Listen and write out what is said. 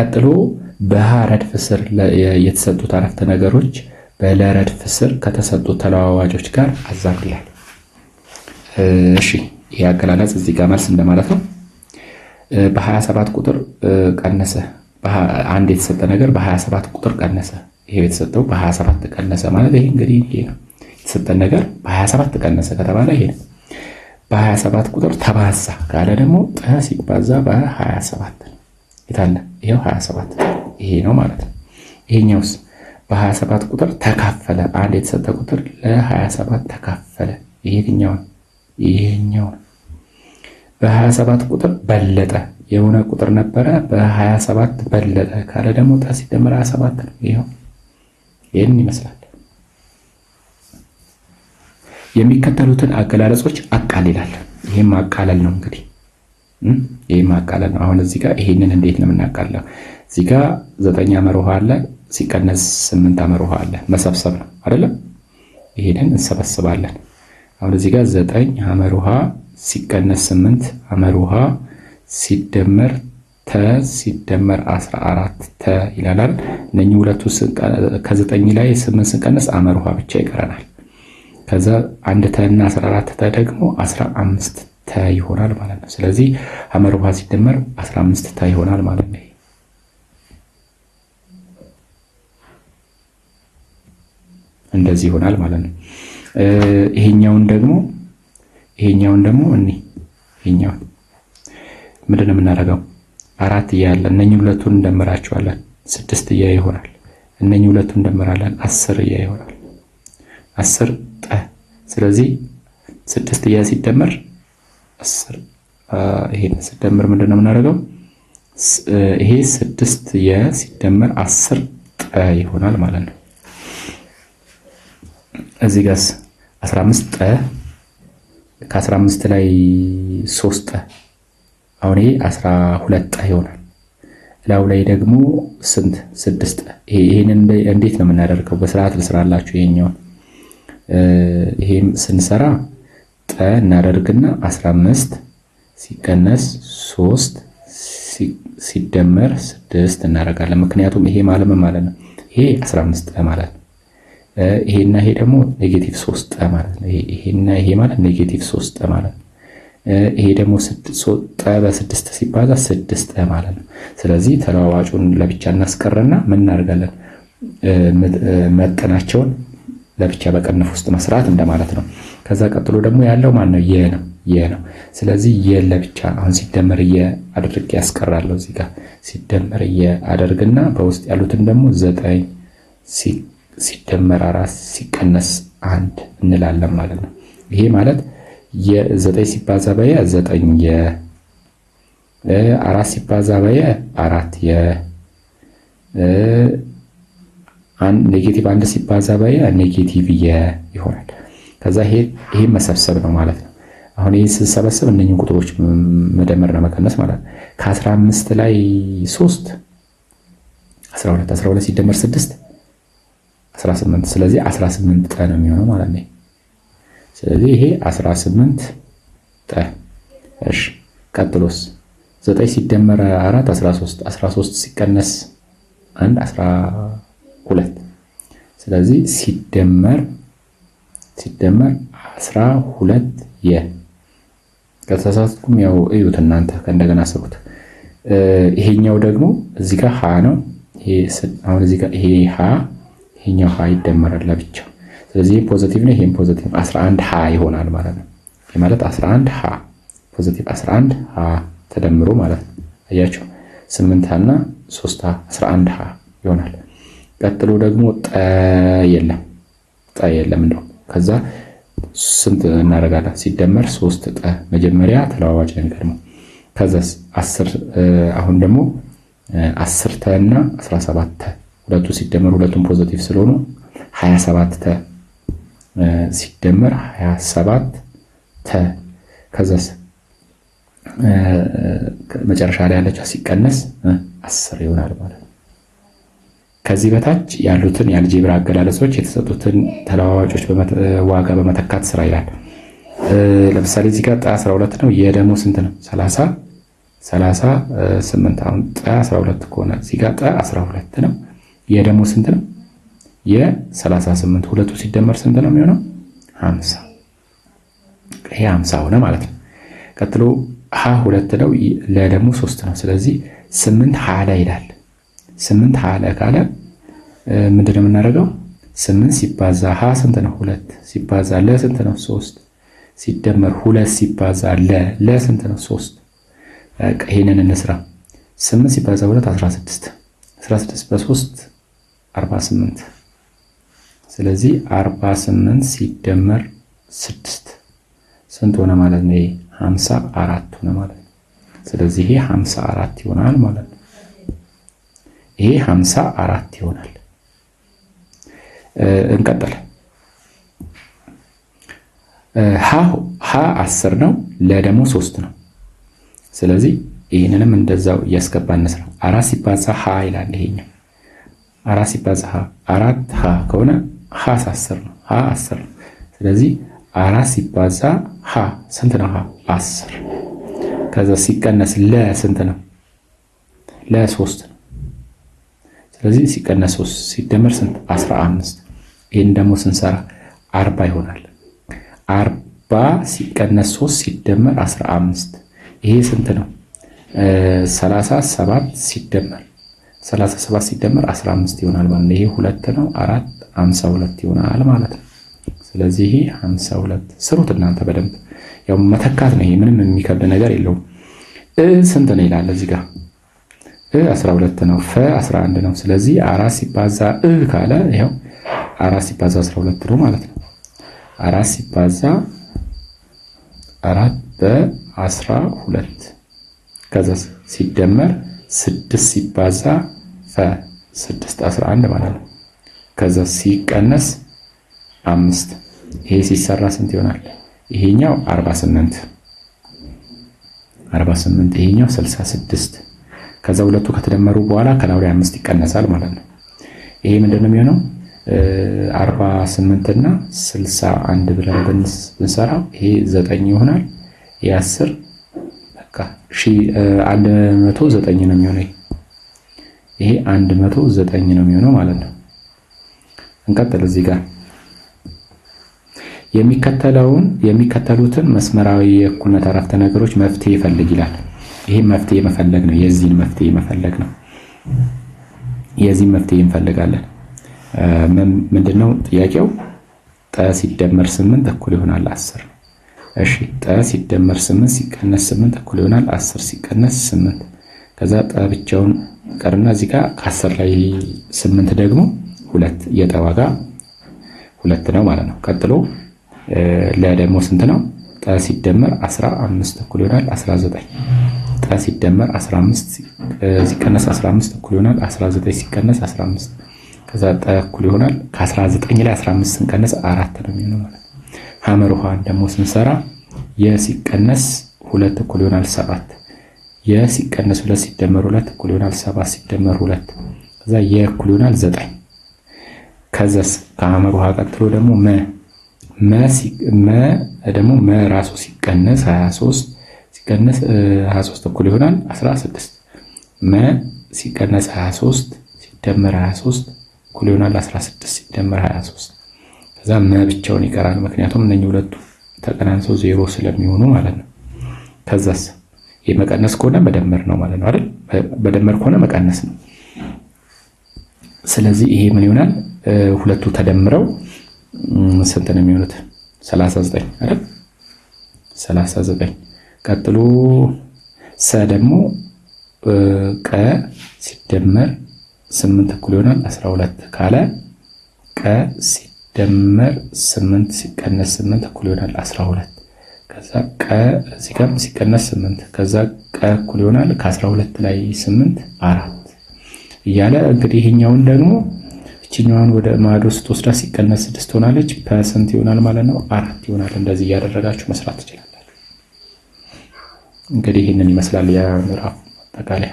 ቀጥሎ በሀ ረድፍ ስር የተሰጡት አረፍተ ነገሮች በለ ረድፍ ስር ከተሰጡት ተለዋዋጮች ጋር አዛምድላል። እሺ ይሄ አገላለጽ እዚህ ጋር መልስ እንደማለት ነው። በ27 ቁጥር ቀነሰ አንድ የተሰጠ ነገር በ27 ቁጥር ቀነሰ። ይሄ የተሰጠው በ27 ቀነሰ ማለት ይሄ እንግዲህ ይሄ ነው የተሰጠ ነገር በ27 ቀነሰ ከተባለ ይሄ ነው። በ27 ቁጥር ተባዛ ካለ ደግሞ ጠ ሲባዛ በ27 ነው። የታለ ይሄው 27 ይሄ ነው ማለት ነው። ይሄኛውስ በ27 ቁጥር ተካፈለ። አንድ የተሰጠ ቁጥር ለ27 ተካፈለ። የትኛውን? ይሄኛው በ በ27 ቁጥር በለጠ። የሆነ ቁጥር ነበረ፣ በ27 በለጠ ካለ ደግሞ ጣ ሲደመር 27 ነው። ይሄው ይሄን ይመስላል። የሚከተሉትን አገላለጾች አቃልላል። ይሄም አቃለል ነው እንግዲህ ይህ ማቃለል ነው። አሁን እዚህ ጋር ይሄንን እንዴት ነው የምናቃለው? እዚህ ጋር ዘጠኝ አመር ውሃ አለ ሲቀነስ ስምንት አመር ውሃ አለ መሰብሰብ ነው አይደለም? ይሄንን እንሰበስባለን። አሁን እዚህ ጋር ዘጠኝ አመር ውሃ ሲቀነስ ስምንት አመር ውሃ ሲደመር ተ ሲደመር 14 ተ ይላላል። እነኚ ሁለቱ ከዘጠኝ ላይ ስምንት ስንቀነስ አመር ውሃ ብቻ ይቀረናል። ከዛ አንድ ተ እና 14 ተ ደግሞ 15 ታ ይሆናል ማለት ነው። ስለዚህ ሐመር ውሃ ሲደመር 15 ታ ይሆናል ማለት ነው። እንደዚህ ይሆናል ማለት ነው። ይሄኛውን ደግሞ ይሄኛውን ደግሞ እኔ ይሄኛው ምንድን ነው የምናደርገው? አራት እያለ እነኚህ ሁለቱን እንደምራቸዋለን። ስድስት እያ ይሆናል። እነኚህ ሁለቱን እንደምራለን። አስር እያ ይሆናል። አስር ጠ ስለዚህ ስድስት እያ ሲደመር አስር ይሄን ስደምር ምንድነው የምናደርገው? ይሄ ስድስት የ ሲደመር አስር ጠ ይሆናል ማለት ነው። እዚህ ጋርስ 15 ጠ ከ15 ላይ 3 ጠ አሁን ይሄ 12 ጠ ይሆናል። ላው ላይ ደግሞ ስንት ስድስት ጠ። ይሄንን እንዴት ነው የምናደርገው? በስርዓት ልስራላችሁ። ይሄኛው ይሄም ስንሰራ ጠ እናደርግና 15 ሲቀነስ 3 ሲደመር 6 እናደርጋለን። ምክንያቱም ይሄ ማለም ማለት ነው። ይሄ 15 ጠ ማለት ነው። ይሄና ይሄ ደግሞ ኔጌቲቭ 3 ጠ ማለት ነው። ይሄና ይሄ ማለት ኔጌቲቭ 3 ጠ ማለት ነው። ይሄ ደግሞ ጠ በስድስት ሲባዛ ስድስት ጠ ማለት ነው። ስለዚህ ተለዋዋጩን ለብቻ እናስቀረና ምን እናደርጋለን መጠናቸውን ለብቻ በቅንፍ ውስጥ መስራት እንደማለት ነው። ከዛ ቀጥሎ ደግሞ ያለው ማን ነው? የ ነው የ ነው። ስለዚህ የ ለብቻ አሁን ሲደመር የ አድርግ ያስቀራለሁ። እዚህ ጋር ሲደመር የ አደርግና በውስጥ ያሉትን ደግሞ ዘጠኝ ሲደመር አራት ሲቀነስ አንድ እንላለን ማለት ነው። ይሄ ማለት የዘጠኝ ሲባዛ በየ ዘጠኝ የ አራት ሲባዛ በየ አራት የ ኔጌቲቭ አንድ ሲባዛ ባይ ኔጌቲቭ ይሆናል። ከዛ ይሄ መሰብሰብ ነው ማለት ነው። አሁን ይህ ስሰበሰብ እነኝን ቁጥሮች ነው መቀነስ ማለት ነው። ከአስራ አምስት ላይ ሶስት አስራ ሁለት አስራ ሁለት ሲደመር ስድስት አስራ ስምንት ስለዚህ አስራ ስምንት ጠ ነው የሚሆነው ማለት ነው። ስለዚህ ይሄ አስራ ስምንት ጠ። እሺ ቀጥሎስ ዘጠኝ ሲደመር አራት አስራ ሶስት አስራ ሶስት ሲቀነስ አንድ አስራ ሁለት ስለዚህ ሲደመር ሲደመር አስራ ሁለት የ ከተሳሳትኩም ያው እዩት እናንተ ከእንደገና ስሩት። ይሄኛው ደግሞ እዚህ ጋር ሀ ነው። አሁን እዚህ ጋር ይሄ ሀ ይሄኛው ሀ ይደመራል ለብቻ። ስለዚህ ይሄም ፖዘቲቭ ነው፣ ይሄም ፖዘቲቭ ነው። 11 ሀ ይሆናል ማለት ነው። ይሄ ማለት 11 ሀ ፖዘቲቭ 11 ሀ ተደምሮ ማለት ነው። አያችሁ 8 ሀ እና 3 ሀ 11 ሀ ይሆናል። ቀጥሎ ደግሞ ጠ የለም ጠ የለም እንደው ከዛ ስንት እናደርጋለን ሲደመር ሶስት ጠ መጀመሪያ ተለዋዋጭ ነው ከዛ አስር አሁን ደግሞ አስር ተ እና አስራ ሰባት ተ ሁለቱ ሲደመር ሁለቱም ፖዘቲቭ ስለሆኑ ሀያ ሰባት ተ ሲደመር ሀያ ሰባት ተ ከዛስ መጨረሻ ላይ ያለችው ሲቀነስ አስር ይሆናል ማለት ነው ከዚህ በታች ያሉትን የአልጀብራ አገላለጾች የተሰጡትን ተለዋዋጮች ዋጋ በመተካት ስራ ይላል። ለምሳሌ እዚህ ጋር ጠ 12 ነው። የደሞ ስንት ነው? 30 38 አሁን ጠ 12 ከሆነ እዚህ ጋር ጠ 12 ነው። የደሞ ስንት ነው? የ38 ሁለቱ ሲደመር ስንት ነው የሚሆነው? 50 ይሄ 50 ሆነ ማለት ነው። ቀጥሎ ሀ ሁለት ነው። ለደግሞ ሶስት ነው። ስለዚህ ስምንት ሀ ላይ ይላል። ስምንት ሀ ለ ካለ ምንድን ነው የምናደርገው? ስምንት ሲባዛ ሀ ስንት ነው? ሁለት ሲባዛ ለ ስንት ነው? ሶስት ሲደመር ሁለት ሲባዛ ለ ለ ስንት ነው? ሶስት በቃ ይሄንን እንስራ። ስምንት ሲባዛ ሁለት አስራ ስድስት አስራ ስድስት በሶስት አርባ ስምንት ስለዚህ አርባ ስምንት ሲደመር ስድስት ስንት ሆነ ማለት ነው? ይሄ ሀምሳ አራት ሆነ ማለት ነው። ስለዚህ ይሄ ሀምሳ አራት ይሆናል ማለት ነው። ይሄ ሀምሳ አራት ይሆናል። እንቀጥል። ሀ አስር ነው። ለደግሞ ሶስት ነው። ስለዚህ ይህንንም እንደዛው እያስገባን ነው። አራት ሲባዛ ሀ ይላል። ይሄኛው አራት ሲባዛ ሀ አራት ሀ ከሆነ ሀ አስር ነው። ሀ አስር ነው። ስለዚህ አራት ሲባዛ ሀ ስንት ነው? ሀ አስር። ከዛ ሲቀነስ ለ ስንት ነው? ለሶስት ነው። ስለዚህ ሲቀነስ ሶስት ሲደመር ስንት አስራ አምስት ይህን ደግሞ ስንሰራ አርባ ይሆናል። አርባ ሲቀነስ ሶስት ሲደመር አስራ አምስት ይሄ ስንት ነው? ሰላሳ ሰባት ሲደመር ሰላሳ ሰባት ሲደመር አስራ አምስት ይሆናል ማለት ነው። ይሄ ሁለት ነው አራት ሀምሳ ሁለት ይሆናል ማለት ነው። ስለዚህ ይሄ ሀምሳ ሁለት ስሩት እናንተ በደንብ ያው መተካት ነው። ይሄ ምንም የሚከብድ ነገር የለውም። ስንት ነው ይላል እዚህ ጋር 12 ነው። ፈ 11 ነው። ስለዚህ አራት ሲባዛ እ ካለ ይኸው አራት ሲባዛ 12 ነው ማለት ነው። አራት ሲባዛ አራት በ12 ከዛ ሲደመር ስድስት ሲባዛ ፈ 6 11 ማለት ነው። ከዛ ሲቀነስ አምስት ይሄ ሲሰራ ስንት ይሆናል? ይሄኛው 48 48 ይሄኛው 66 ከዛ ሁለቱ ከተደመሩ በኋላ ከላው አምስት ይቀነሳል ማለት ነው። ይሄ ምንድን ነው የሚሆነው? አርባ ስምንት እና ስልሳ አንድ ብለን ብንሰራ ይሄ ዘጠኝ ይሆናል። የአስር በቃ አንድ መቶ ዘጠኝ ነው የሚሆነው። ይሄ አንድ መቶ ዘጠኝ ነው የሚሆነው ማለት ነው። እንቀጥል እዚህ ጋር የሚከተለውን የሚከተሉትን መስመራዊ የእኩልነት አረፍተ ነገሮች መፍትሄ ይፈልግ ይላል። ይህም መፍትሄ መፈለግ ነው። የዚህን መፍትሄ መፈለግ ነው። የዚህን መፍትሄ እንፈልጋለን። ምንድነው ጥያቄው? ጠ ሲደመር ስምንት እኩል ይሆናል አስር እሺ ጠ ሲደመር ስምንት ሲቀነስ ስምንት እኩል ይሆናል አስር ሲቀነስ ስምንት ከዛ ጠ ብቻውን ቀርና እዚህ ጋር ከአስር ላይ ስምንት ደግሞ ሁለት የጠ ዋጋ ሁለት ነው ማለት ነው። ቀጥሎ ለደግሞ ስንት ነው? ጠ ሲደመር አስራ አምስት እኩል ይሆናል አስራ ዘጠኝ 30 ሲደመር 15 ሲቀነስ 15 እኩል ይሆናል 19 ሲቀነስ 15 ከዛ ጠ እኩል ይሆናል ከ19 ላይ 15 ስንቀነስ አራት ነው የሚሆነው ማለት ነው። ሐመር ውሃን ደግሞ ስንሰራ የ ሁለት እኩል ይሆናል ሰባት የሲቀነስ ሁለት ሲደመር ሁለት እኩል ይሆናል ሰባት ሲደመር ሁለት ከዛ የ እኩል ይሆናል ዘጠኝ ከዛስ ከሀመር ውሃ ቀጥሎ ደግሞ መ መ ደግሞ መ ራሱ ሲቀነስ 23 ሲቀነስ 23 እኩል ይሆናል 16 መ ሲቀነስ 23 ሲደመር 23 እኩል ይሆናል 16 ሲደመር 23 ከዛ መ ብቻውን ይቀራል። ምክንያቱም እነኚህ ሁለቱ ተቀናንሰው ዜሮ ስለሚሆኑ ማለት ነው። ከዛስ የመቀነስ ከሆነ መደመር ነው ማለት ነው አይደል? መደመር ከሆነ መቀነስ ነው። ስለዚህ ይሄ ምን ይሆናል? ሁለቱ ተደምረው ስንት ነው የሚሆኑት? 39 አይደል? 39 ቀጥሎ ሰ ደግሞ ቀ ሲደመር ስምንት እኩል ይሆናል አስራ ሁለት ካለ ቀ ሲደመር ስምንት ሲቀነስ ስምንት እኩል ይሆናል አስራ ሁለት ከዛ ቀ እዚህ ጋር ሲቀነስ ስምንት ከዛ ቀ እኩል ይሆናል ከአስራ ሁለት ላይ ስምንት አራት እያለ እንግዲህ ይሄኛውን ደግሞ እችኛዋን ወደ ማዶ ስትወስዳ ሲቀነስ ስድስት ትሆናለች። ፐርሰንት ይሆናል ማለት ነው አራት ይሆናል። እንደዚህ እያደረጋችሁ መስራት ይችላል። እንግዲህ ይህንን ይመስላል የምዕራፍ አጠቃላይ።